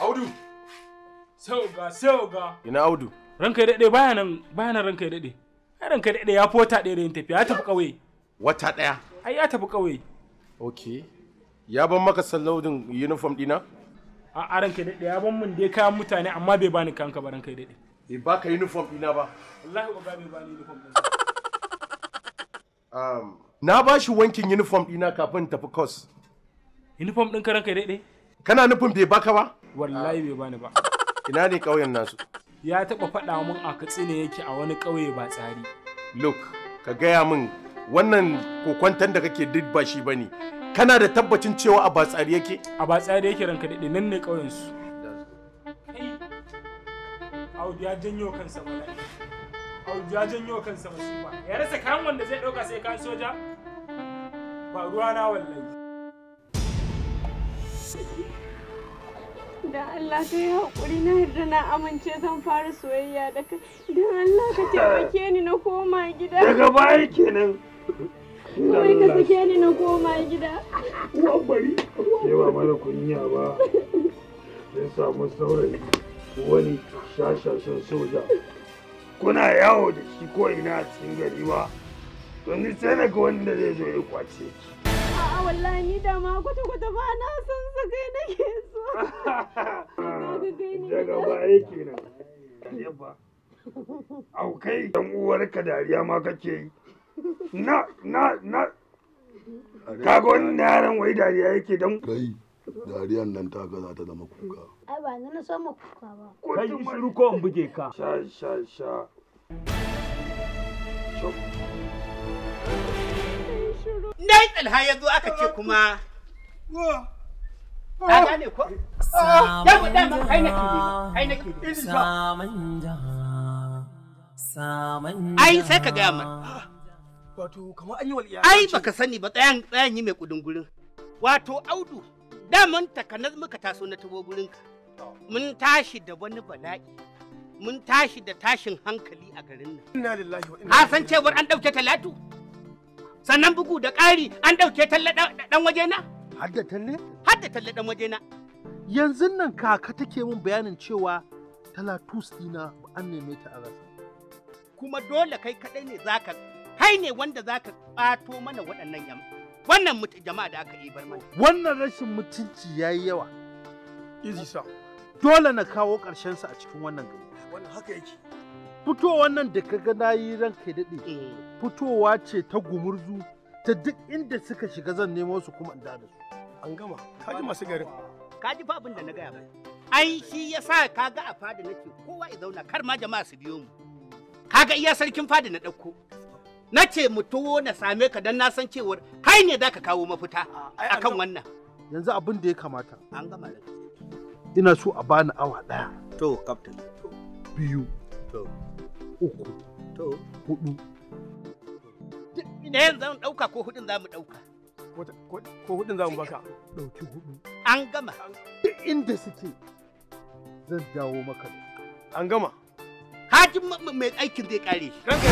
Audu. Sauga, sauga! Ina Audu. Ranka daɗe bayan nan bayan nan ranka daɗe. Ai ranka daɗe ya fi wata ɗaya da yin tafiya ya tafi ƙauye. Wata ɗaya. Ai ya tafi ƙauye. Okay. Ya ban maka sallaudin uniform ɗina? A a ranka daɗe ya ban mun dai kayan mutane amma bai bani kanka ba ranka daɗe. Bai baka uniform ɗina ba. Wallahi ba bai bani uniform ɗina. na ba shi wankin uniform ɗina kafin tafi course. Uniform ɗin ka ranka daɗe? kana nufin bai baka ba wallahi bai bani ba ina ne ƙauyen nasu ya taɓa faɗa mun a katsina yake a wani ƙauye ba tsari look ka gaya min wannan kokwantan da kake duk ba shi bane kana da tabbacin cewa a ba tsari yake a ba tsari yake ranka daɗe nan ne ƙauyen su Audu ya janyo kansa bala'i. Audu ya janyo kansa masifa. Ya rasa kayan wanda zai ɗauka sai kayan soja? Ba ruwa na wallahi. da Allah ta yi haƙuri na yarda na amince zan fara soyayya da kai don Allah ka taimake ni na koma gida daga baya kenan kawai ka sake ni na koma gida uwan bari ke ba mara kunya ba zai samu saurayi wani shashashen soja kuna yawo da shi ko ina a cikin gari ba don sai daga wanda zai zo ya kwace ki a'a wallahi ni da ma kwata-kwata ba na san saka daga baya kenan yabba dan uwarka dariya ma kake yi na na na yaran wai dariya yake dan kai dariyan nan ta ga za ta zama kuka ai ba na so mu kuka ba kai in buge ka sha sha sha Nai ya zo aka ce kuma. gane ko? Yawa dama kai nake ne, kai Ai sai ka gaya man. Wato kamar an yi walƙiya. Ai baka sani ba tsayan tsayan yi mai kudin gurin. Wato Audu, daman ta takanas muka taso na tabo ka. Mun tashi da wani bala'i. mun tashi da tashin hankali a garin nan. Inna lillahi wa inna san cewar an ɗauke talatu? Sannan bugu da ƙari an ɗauke talla ɗan waje na? Hadda talle? Hadda talle ɗan waje na. yanzu nan kaka take min bayanin cewa talatus dina an neme ta a rasa kuma dole kai kadai ne ka kai ne wanda ka ɓato mana waɗannan yamma wannan jama'a da aka ibar mana wannan rashin mutunci ya yi yawa izi sa dole na kawo ƙarshen sa a cikin wannan gari wannan haka yake fitowar nan da ka ga ran kai daɗe eh. fitowa ce ta gumurzu ta duk inda suka shiga zan nemo su kuma in da su an gama kaji masu garin ka ji fa abin da na gaya maka ai shi yasa kaga a fada nake kowa ya zauna kar ma jama'a su biyo mu kaga iya sarkin fada na ɗauko na ce mu tuwo na same ka dan na san cewar kai ne zaka kawo mafita akan wannan yanzu abin da ya kamata an gama ina so a bani awa daya to captain biyu to uku to hudu Ina zan ɗauka ko hudun za mu ɗauka ko hudun za mu baka ɗauki hudu An gama. Duk inda suke zan dawo maka. An gama. Hajin mai aikin zai kare shi. Ranka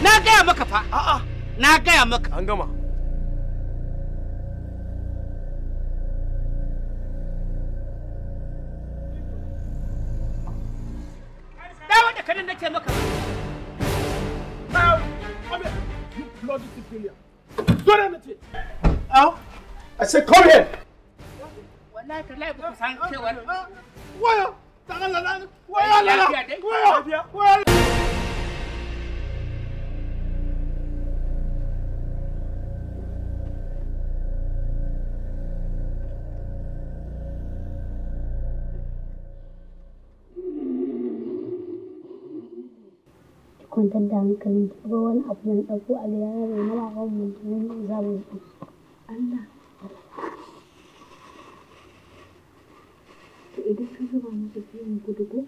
Na gaya maka fa. A'a. Na gaya maka. An gama. Dawo da kanin nake maka. Zo da nace. Au. I said come here. wallahi ba kwantar da hankali ba wani abu nan ɗauko a da yaro na ba kawai mutum Allah 수수가 하면서 비용을 고르고